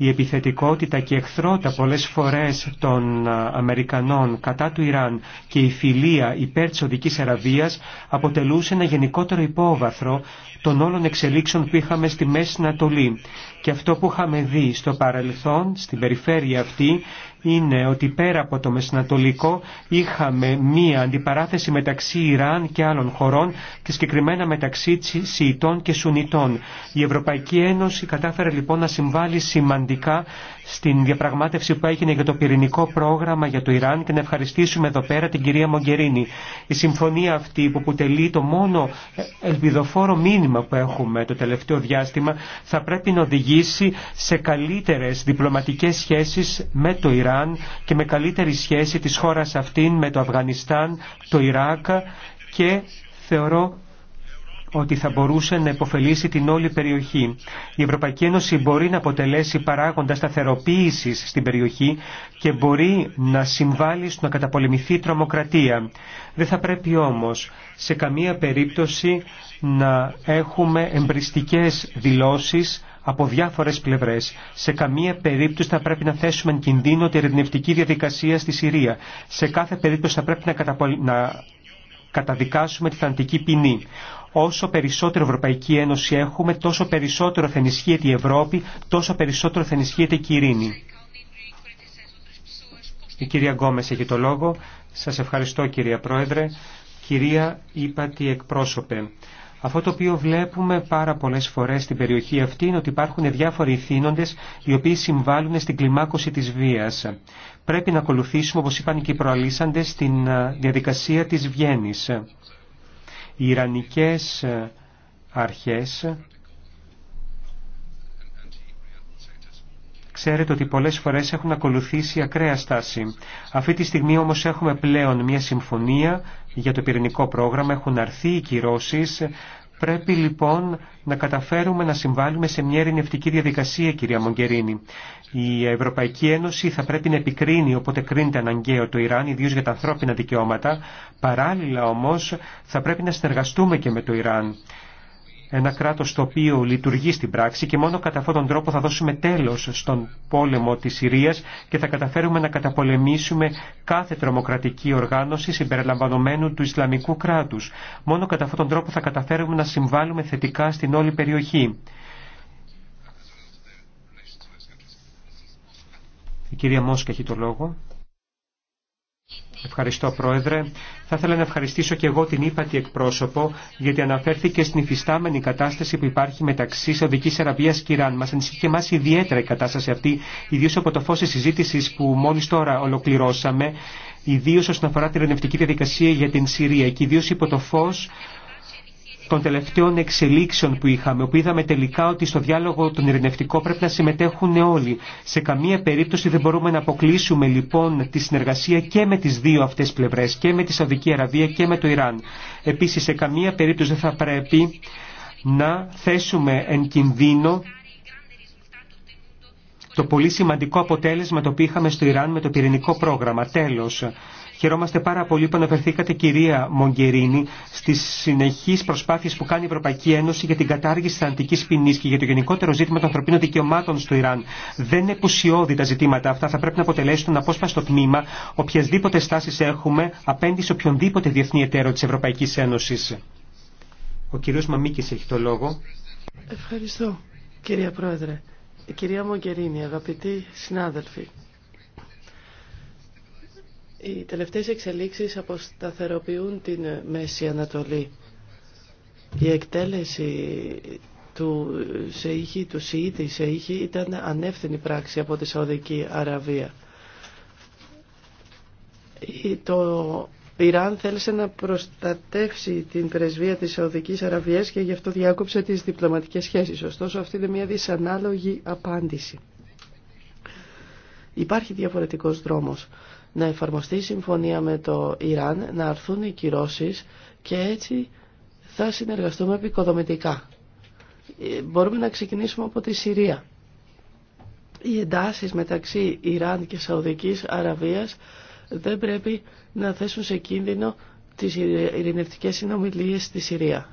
Η επιθετικότητα και η εχθρότητα πολλές φορές των Αμερικανών κατά του Ιράν και η φιλία υπέρ της Οδικής Αραβίας αποτελούσε ένα γενικότερο υπόβαθρο των όλων εξελίξεων που είχαμε στη Μέση Ανατολή. Και αυτό που είχαμε δει στο παρελθόν, στην περιφέρεια αυτή, είναι ότι πέρα από το Μεσανατολικό είχαμε μία αντιπαράθεση μεταξύ Ιράν και άλλων χωρών και συγκεκριμένα μεταξύ Σιητών και Σουνιτών. Η Ευρωπαϊκή Ένωση κατάφερε λοιπόν να συμβάλλει σημαντικά στην διαπραγμάτευση που έγινε για το πυρηνικό πρόγραμμα για το Ιράν και να ευχαριστήσουμε εδώ πέρα την κυρία Μογκερίνη. Η συμφωνία αυτή που αποτελεί το μόνο ελπιδοφόρο μήνυμα που έχουμε το τελευταίο διάστημα θα πρέπει να οδηγήσει σε καλύτερες διπλωματικές σχέσεις με το Ιράν και με καλύτερη σχέση της χώρας αυτήν με το Αφγανιστάν, το Ιράκ και θεωρώ ότι θα μπορούσε να υποφελήσει την όλη περιοχή. Η Ευρωπαϊκή Ένωση μπορεί να αποτελέσει παράγοντα σταθεροποίηση στην περιοχή και μπορεί να συμβάλλει στο να καταπολεμηθεί η τρομοκρατία. Δεν θα πρέπει όμω σε καμία περίπτωση να έχουμε εμπριστικέ δηλώσει από διάφορε πλευρέ. Σε καμία περίπτωση θα πρέπει να θέσουμε εν κινδύνο τη ερευνητική διαδικασία στη Συρία. Σε κάθε περίπτωση θα πρέπει να, να καταδικάσουμε τη θανατική ποινή. Όσο περισσότερο Ευρωπαϊκή Ένωση έχουμε, τόσο περισσότερο θα ενισχύεται η Ευρώπη, τόσο περισσότερο θα ενισχύεται η Κυρίνη. Η κυρία Γκόμε έχει το λόγο. Σα ευχαριστώ κυρία Πρόεδρε. Κυρία Ήπατη εκπρόσωπε. Αυτό το οποίο βλέπουμε πάρα πολλές φορές στην περιοχή αυτή είναι ότι υπάρχουν διάφοροι ηθήνοντες οι οποίοι συμβάλλουν στην κλιμάκωση της βίας. Πρέπει να ακολουθήσουμε, όπως είπαν και οι προαλήσαντες, την ε, διαδικασία της Βιέννη οι Ιρανικές ε, αρχές Ξέρετε ότι πολλές φορές έχουν ακολουθήσει ακραία στάση. Αυτή τη στιγμή όμως έχουμε πλέον μια συμφωνία για το πυρηνικό πρόγραμμα. Έχουν αρθεί οι κυρώσεις. Πρέπει λοιπόν να καταφέρουμε να συμβάλλουμε σε μια ειρηνευτική διαδικασία, κυρία Μογκερίνη. Η Ευρωπαϊκή Ένωση θα πρέπει να επικρίνει όποτε κρίνεται αναγκαίο το Ιράν, ιδίω για τα ανθρώπινα δικαιώματα. Παράλληλα όμω θα πρέπει να συνεργαστούμε και με το Ιράν ένα κράτος το οποίο λειτουργεί στην πράξη και μόνο κατά αυτόν τον τρόπο θα δώσουμε τέλος στον πόλεμο της Συρίας και θα καταφέρουμε να καταπολεμήσουμε κάθε τρομοκρατική οργάνωση συμπεριλαμβανομένου του Ισλαμικού κράτους. Μόνο κατά αυτόν τον τρόπο θα καταφέρουμε να συμβάλλουμε θετικά στην όλη περιοχή. Η κυρία Μόσκα έχει το λόγο. Ευχαριστώ Πρόεδρε. Θα ήθελα να ευχαριστήσω και εγώ την ύπατη εκπρόσωπο γιατί αναφέρθηκε στην υφιστάμενη κατάσταση που υπάρχει μεταξύ Σαουδική Αραβία και Ιράν. Μας ανησυχεί και εμά ιδιαίτερα η κατάσταση αυτή, ιδίω από το φω τη συζήτηση που μόλι τώρα ολοκληρώσαμε, ιδίω όσον αφορά την ερευνητική διαδικασία για την Συρία και ιδίως υπό το φω των τελευταίων εξελίξεων που είχαμε, όπου είδαμε τελικά ότι στο διάλογο τον ειρηνευτικό πρέπει να συμμετέχουν όλοι. Σε καμία περίπτωση δεν μπορούμε να αποκλείσουμε λοιπόν τη συνεργασία και με τις δύο αυτές πλευρές, και με τη Σαουδική Αραβία και με το Ιράν. Επίσης σε καμία περίπτωση δεν θα πρέπει να θέσουμε εν κινδύνο το πολύ σημαντικό αποτέλεσμα το οποίο είχαμε στο Ιράν με το πυρηνικό πρόγραμμα. Τέλος, Χαιρόμαστε πάρα πολύ που αναφερθήκατε, κυρία Μογκερίνη, στι συνεχεί προσπάθειε που κάνει η Ευρωπαϊκή Ένωση για την κατάργηση τη αντική ποινή και για το γενικότερο ζήτημα των ανθρωπίνων δικαιωμάτων στο Ιράν. Δεν είναι πουσιώδη τα ζητήματα αυτά. Θα πρέπει να αποτελέσουν απόσπαστο τμήμα οποιασδήποτε στάσει έχουμε απέναντι σε οποιονδήποτε διεθνή εταίρο τη Ευρωπαϊκή Ένωση. Ο κύριος Μαμίκη έχει το λόγο. Ευχαριστώ, κυρία Πρόεδρε. Κυρία Μογκερίνη, αγαπητοί συνάδελφοι. Οι τελευταίες εξελίξεις αποσταθεροποιούν την Μέση Ανατολή. Η εκτέλεση του Σεΐχη, του Σιήτη Σεΐχη ήταν ανεύθυνη πράξη από τη Σαουδική Αραβία. Το Ιράν θέλησε να προστατεύσει την πρεσβεία της Σαουδικής Αραβίας και γι' αυτό διάκοψε τις διπλωματικές σχέσεις. Ωστόσο αυτή είναι μια δυσανάλογη απάντηση. Υπάρχει διαφορετικός δρόμος να εφαρμοστεί η συμφωνία με το Ιράν, να αρθούν οι κυρώσεις και έτσι θα συνεργαστούμε επικοδομητικά. Ε, μπορούμε να ξεκινήσουμε από τη Συρία. Οι εντάσεις μεταξύ Ιράν και Σαουδικής Αραβίας δεν πρέπει να θέσουν σε κίνδυνο τις ειρηνευτικές συνομιλίες στη Συρία.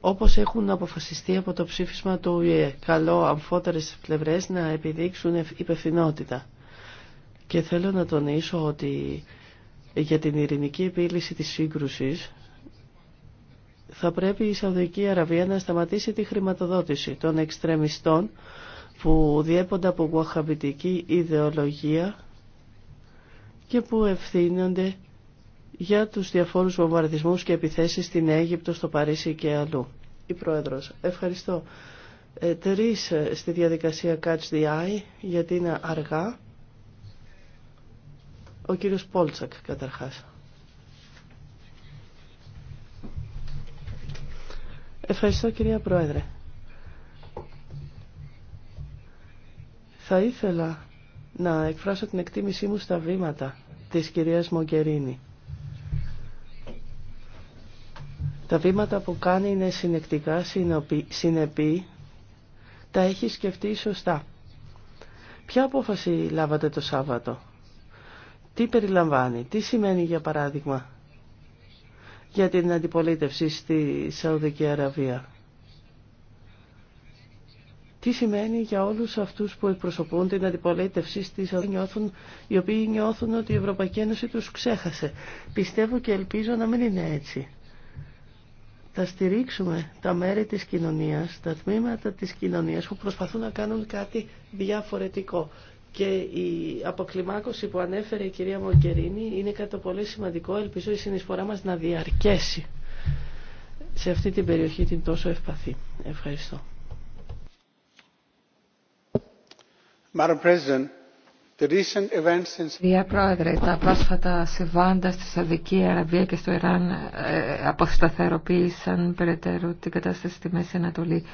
Όπως έχουν αποφασιστεί από το ψήφισμα του ΟΗΕ, καλό αμφότερες πλευρές να επιδείξουν υπευθυνότητα. Και θέλω να τονίσω ότι για την ειρηνική επίλυση της σύγκρουσης θα πρέπει η Σαουδική Αραβία να σταματήσει τη χρηματοδότηση των εξτρεμιστών που διέπονται από γουαχαβητική ιδεολογία και που ευθύνονται για τους διαφόρους βομβαρδισμούς και επιθέσεις στην Αίγυπτο, στο Παρίσι και αλλού. Η Πρόεδρος, ευχαριστώ. Ε, ε στη διαδικασία Catch the Eye, γιατί είναι αργά. Ο κύριος Πόλτσακ καταρχάς. Ευχαριστώ κυρία Πρόεδρε. Θα ήθελα να εκφράσω την εκτίμησή μου στα βήματα της κυρίας Μογκερίνη. Τα βήματα που κάνει είναι συνεκτικά, συνεπή, τα έχει σκεφτεί σωστά. Ποια απόφαση λάβατε το Σάββατο τι περιλαμβάνει, τι σημαίνει για παράδειγμα για την αντιπολίτευση στη Σαουδική Αραβία. Τι σημαίνει για όλους αυτούς που εκπροσωπούν την αντιπολίτευση στη Αραβία, οι οποίοι νιώθουν ότι η Ευρωπαϊκή Ένωση τους ξέχασε. Πιστεύω και ελπίζω να μην είναι έτσι. Θα στηρίξουμε τα μέρη της κοινωνίας, τα τμήματα της κοινωνίας που προσπαθούν να κάνουν κάτι διαφορετικό και η αποκλιμάκωση που ανέφερε η κυρία Μογκερίνη είναι κάτι πολύ σημαντικό. Ελπίζω η συνεισφορά μας να διαρκέσει σε αυτή την περιοχή την τόσο ευπαθή. Ευχαριστώ. πρόεδρε, τα πρόσφατα συμβάντα στη Σαουδική Αραβία και στο Ιράν ε, ε, αποσταθεροποίησαν περαιτέρω την κατάσταση στη Μέση Ανατολή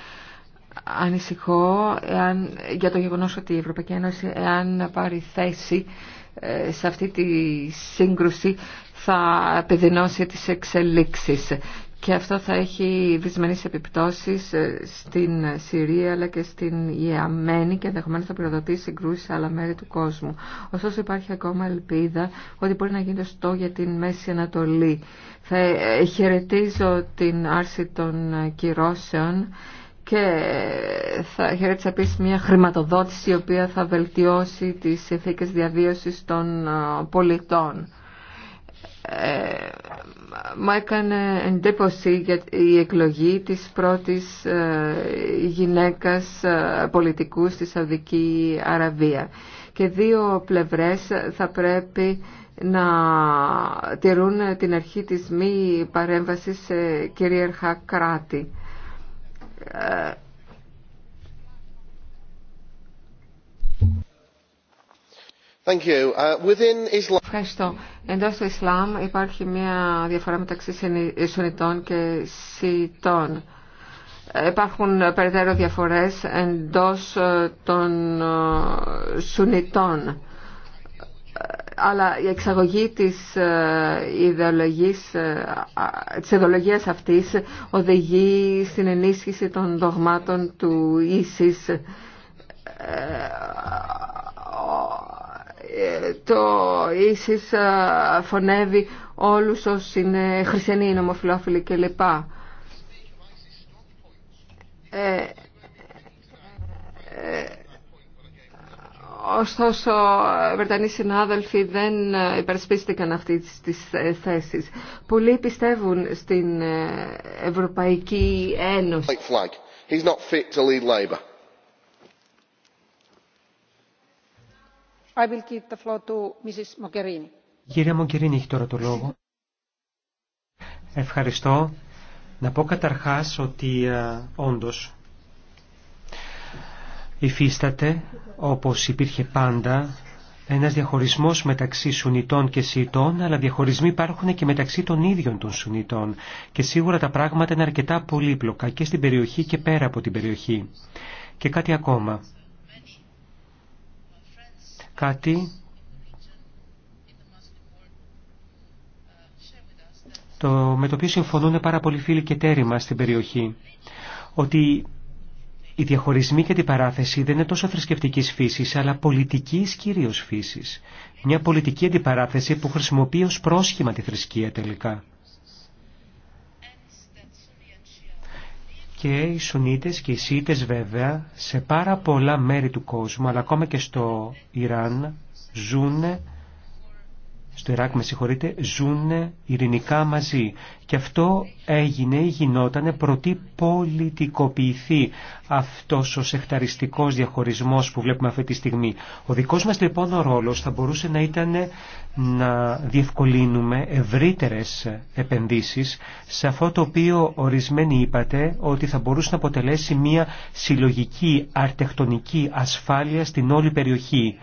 ανησυχώ εάν, για το γεγονός ότι η Ευρωπαϊκή Ένωση εάν πάρει θέση ε, σε αυτή τη σύγκρουση θα επιδεινώσει τις εξελίξεις και αυτό θα έχει δυσμενείς επιπτώσεις ε, στην Συρία αλλά και στην Ιεαμένη και ενδεχομένω θα πυροδοτήσει συγκρούσεις σε άλλα μέρη του κόσμου. Ωστόσο υπάρχει ακόμα ελπίδα ότι μπορεί να γίνει το για την Μέση Ανατολή. Θα ε, χαιρετίζω την άρση των κυρώσεων και θα χαιρέτησα επίσης μια χρηματοδότηση η οποία θα βελτιώσει τις συνθήκε διαβίωσης των ε, πολιτών. Ε, μου έκανε εντύπωση για η εκλογή της πρώτης ε, γυναίκας ε, πολιτικού στη Σαουδική Αραβία. Και δύο πλευρές θα πρέπει να τηρούν την αρχή της μη παρέμβασης σε κυρίαρχα κράτη. Uh, Ευχαριστώ. Εντός του Ισλάμ υπάρχει μια διαφορά μεταξύ Σουνιτών και Σιητών. Υπάρχουν περαιτέρω διαφορές εντό ε, των ε, Σουνιτών αλλά η εξαγωγή της ε, ιδεολογίας, ε, της ιδεολογίας αυτής οδηγεί στην ενίσχυση των δογμάτων του ίσης ε, το ίσης φωνεύει όλους όσοι είναι χριστιανοί, νομοφιλόφιλοι κλπ. Ε, Ωστόσο, Βρετανοί συνάδελφοι δεν υπερασπίστηκαν αυτή τις θέσεις. Πολλοί πιστεύουν στην Ευρωπαϊκή Ένωση. Κύριε Μογκερίνη, έχει τώρα το λόγο. Ευχαριστώ. Να πω καταρχάς ότι α, ε, όντως υφίσταται, όπως υπήρχε πάντα, ένας διαχωρισμός μεταξύ Σουνιτών και Σιητών, αλλά διαχωρισμοί υπάρχουν και μεταξύ των ίδιων των Σουνιτών. Και σίγουρα τα πράγματα είναι αρκετά πολύπλοκα και στην περιοχή και πέρα από την περιοχή. Και κάτι ακόμα. Κάτι το, με το οποίο συμφωνούν πάρα πολλοί φίλοι και τέρημα στην περιοχή. Ότι η διαχωρισμοί και την παράθεση δεν είναι τόσο θρησκευτική φύση, αλλά πολιτική κυρίω φύση. Μια πολιτική αντιπαράθεση που χρησιμοποιεί ω πρόσχημα τη θρησκεία τελικά. Και οι Σουνίτες και οι Σίτες βέβαια σε πάρα πολλά μέρη του κόσμου, αλλά ακόμα και στο Ιράν, ζούνε στο Ιράκ με συγχωρείτε, ζουν ειρηνικά μαζί. Και αυτό έγινε ή γινότανε πρωτοί πολιτικοποιηθεί αυτός ο σεχταριστικός διαχωρισμός που βλέπουμε αυτή τη στιγμή. Ο δικός μας λοιπόν ο ρόλος θα μπορούσε να ήταν να διευκολύνουμε ευρύτερες επενδύσεις σε αυτό το οποίο ορισμένοι είπατε ότι θα μπορούσε να αποτελέσει μια συλλογική αρτεκτονική ασφάλεια στην όλη περιοχή.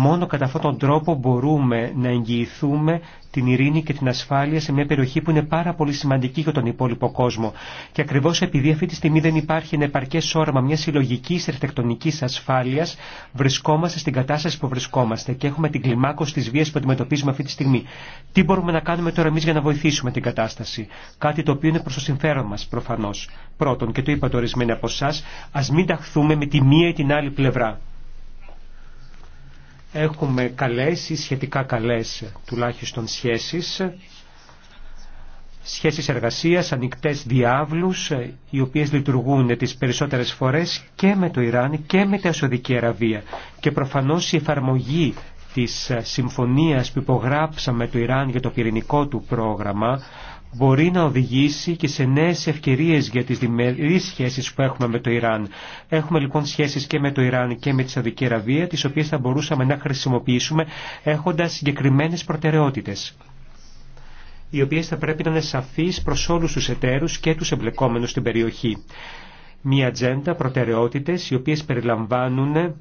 Μόνο κατά αυτόν τον τρόπο μπορούμε να εγγυηθούμε την ειρήνη και την ασφάλεια σε μια περιοχή που είναι πάρα πολύ σημαντική για τον υπόλοιπο κόσμο. Και ακριβώ επειδή αυτή τη στιγμή δεν υπάρχει ένα επαρκέ όραμα μια συλλογική αρχιτεκτονική ασφάλεια, βρισκόμαστε στην κατάσταση που βρισκόμαστε και έχουμε την κλιμάκωση τη βία που αντιμετωπίζουμε αυτή τη στιγμή. Τι μπορούμε να κάνουμε τώρα εμεί για να βοηθήσουμε την κατάσταση. Κάτι το οποίο είναι προ το συμφέρον μα προφανώ. Πρώτον, και το είπατε ορισμένοι από εσά, α μην ταχθούμε με τη μία ή την άλλη πλευρά έχουμε καλές ή σχετικά καλές τουλάχιστον σχέσεις, σχέσεις εργασίας, ανοιχτές διάβλους, οι οποίες λειτουργούν τις περισσότερες φορές και με το Ιράν και με την Σαουδική Αραβία. Και προφανώς η εφαρμογή της συμφωνίας που υπογράψαμε το Ιράν για το πυρηνικό του πρόγραμμα μπορεί να οδηγήσει και σε νέες ευκαιρίες για τις διμερείς σχέσεις που έχουμε με το Ιράν. Έχουμε λοιπόν σχέσεις και με το Ιράν και με τη Σαουδική Αραβία, τις οποίες θα μπορούσαμε να χρησιμοποιήσουμε έχοντας συγκεκριμένες προτεραιότητες οι οποίες θα πρέπει να είναι σαφείς προς όλους τους εταίρους και τους εμπλεκόμενους στην περιοχή. Μία ατζέντα προτεραιότητες οι οποίες περιλαμβάνουν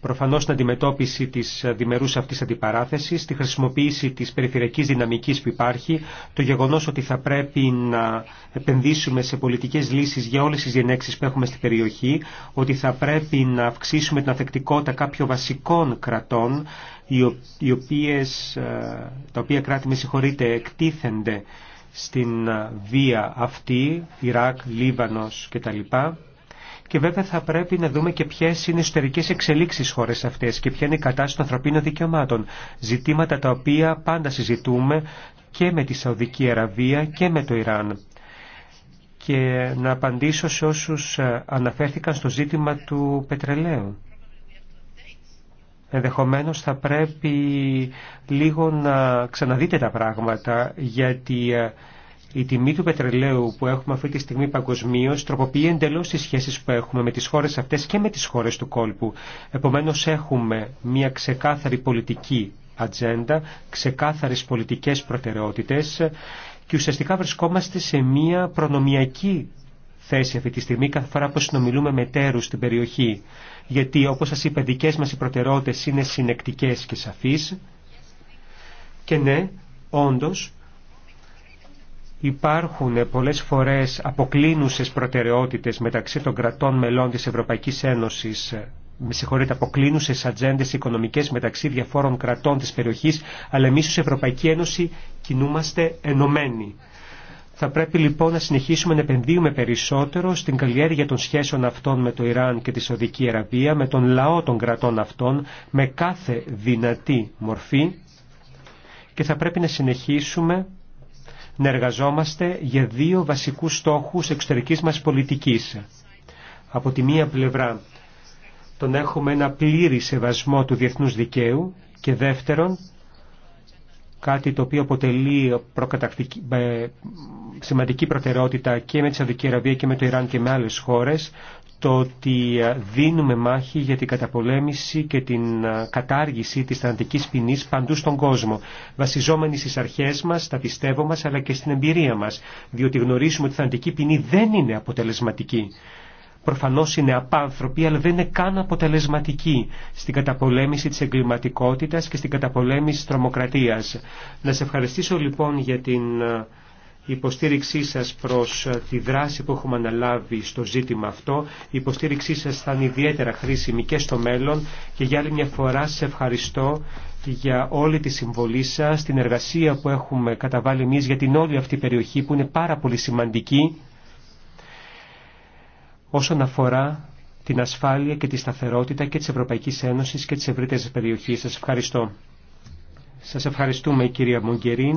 προφανώς την αντιμετώπιση της διμερούς αυτής αντιπαράθεσης, τη χρησιμοποίηση της περιφερειακής δυναμικής που υπάρχει, το γεγονός ότι θα πρέπει να επενδύσουμε σε πολιτικές λύσεις για όλες τις διενέξεις που έχουμε στην περιοχή, ότι θα πρέπει να αυξήσουμε την αθεκτικότητα κάποιων βασικών κρατών, οι οποίες, ε, τα οποία κράτη με συγχωρείτε εκτίθενται στην ε, βία αυτή, Ιράκ, Λίβανος κτλ και βέβαια θα πρέπει να δούμε και ποιε είναι ιστορικέ εξελίξει χώρε αυτέ και ποια είναι η κατάσταση των ανθρωπίνων δικαιωμάτων. Ζητήματα τα οποία πάντα συζητούμε και με τη Σαουδική Αραβία και με το Ιράν. Και να απαντήσω σε όσους ε, αναφέρθηκαν στο ζήτημα του πετρελαίου. Ενδεχομένω θα πρέπει λίγο να ξαναδείτε τα πράγματα γιατί ε, η τιμή του πετρελαίου που έχουμε αυτή τη στιγμή παγκοσμίω τροποποιεί εντελώ τι σχέσει που έχουμε με τι χώρε αυτέ και με τι χώρε του κόλπου. Επομένω, έχουμε μια ξεκάθαρη πολιτική ατζέντα, ξεκάθαρε πολιτικέ προτεραιότητε και ουσιαστικά βρισκόμαστε σε μια προνομιακή θέση αυτή τη στιγμή κάθε φορά που συνομιλούμε με τέρους στην περιοχή. Γιατί όπως σας είπα δικές μας οι προτεραιότητες είναι συνεκτικές και σαφείς. Και ναι, όντω. Υπάρχουν πολλές φορές αποκλίνουσες προτεραιότητες μεταξύ των κρατών μελών της Ευρωπαϊκής Ένωσης με συγχωρείτε, αποκλίνουσε ατζέντε οικονομικέ μεταξύ διαφόρων κρατών τη περιοχή, αλλά εμεί ω Ευρωπαϊκή Ένωση κινούμαστε ενωμένοι. Θα πρέπει λοιπόν να συνεχίσουμε να επενδύουμε περισσότερο στην καλλιέργεια των σχέσεων αυτών με το Ιράν και τη Σαουδική Αραβία, με τον λαό των κρατών αυτών, με κάθε δυνατή μορφή και θα πρέπει να συνεχίσουμε να εργαζόμαστε για δύο βασικούς στόχους εξωτερικής μας πολιτικής. Από τη μία πλευρά τον έχουμε ένα πλήρη σεβασμό του διεθνούς δικαίου και δεύτερον κάτι το οποίο αποτελεί ε, σημαντική προτεραιότητα και με τη Σαουδική Αραβία και με το Ιράν και με άλλες χώρες το ότι ε, δίνουμε μάχη για την καταπολέμηση και την ε, κατάργηση της θανατικής ποινή παντού στον κόσμο, βασιζόμενη στις αρχές μας, στα πιστεύω μας, αλλά και στην εμπειρία μας, διότι γνωρίζουμε ότι η θανατική ποινή δεν είναι αποτελεσματική. Προφανώς είναι απάνθρωποι, αλλά δεν είναι καν αποτελεσματικοί στην καταπολέμηση της εγκληματικότητας και στην καταπολέμηση της τρομοκρατίας. Να σε ευχαριστήσω λοιπόν για την ε, η υποστήριξή σας προς ε, τη δράση που έχουμε αναλάβει στο ζήτημα αυτό. Η υποστήριξή σας θα είναι ιδιαίτερα χρήσιμη και στο μέλλον και για άλλη μια φορά σας ευχαριστώ για όλη τη συμβολή σας, την εργασία που έχουμε καταβάλει εμείς για την όλη αυτή περιοχή που είναι πάρα πολύ σημαντική όσον αφορά την ασφάλεια και τη σταθερότητα και της Ευρωπαϊκής Ένωσης και της ευρύτερης περιοχής. Σας ευχαριστώ. Σας ευχαριστούμε κυρία Μογκερίνη.